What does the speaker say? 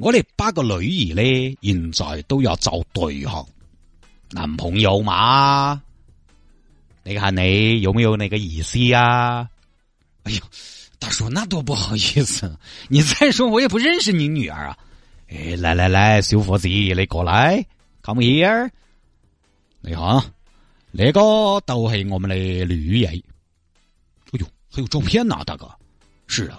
我哋八個女兒咧，現在都要找對象，男朋友嘛？你看你有沒有那個意思啊？哎呦，大叔，那多不好意思，你再說我也不認識你女兒啊。誒、哎，來來來，小伙子，你過來，come here。你好，呢、這個都係我們的女兒。哎呦，還有照片啊，大哥。是啊。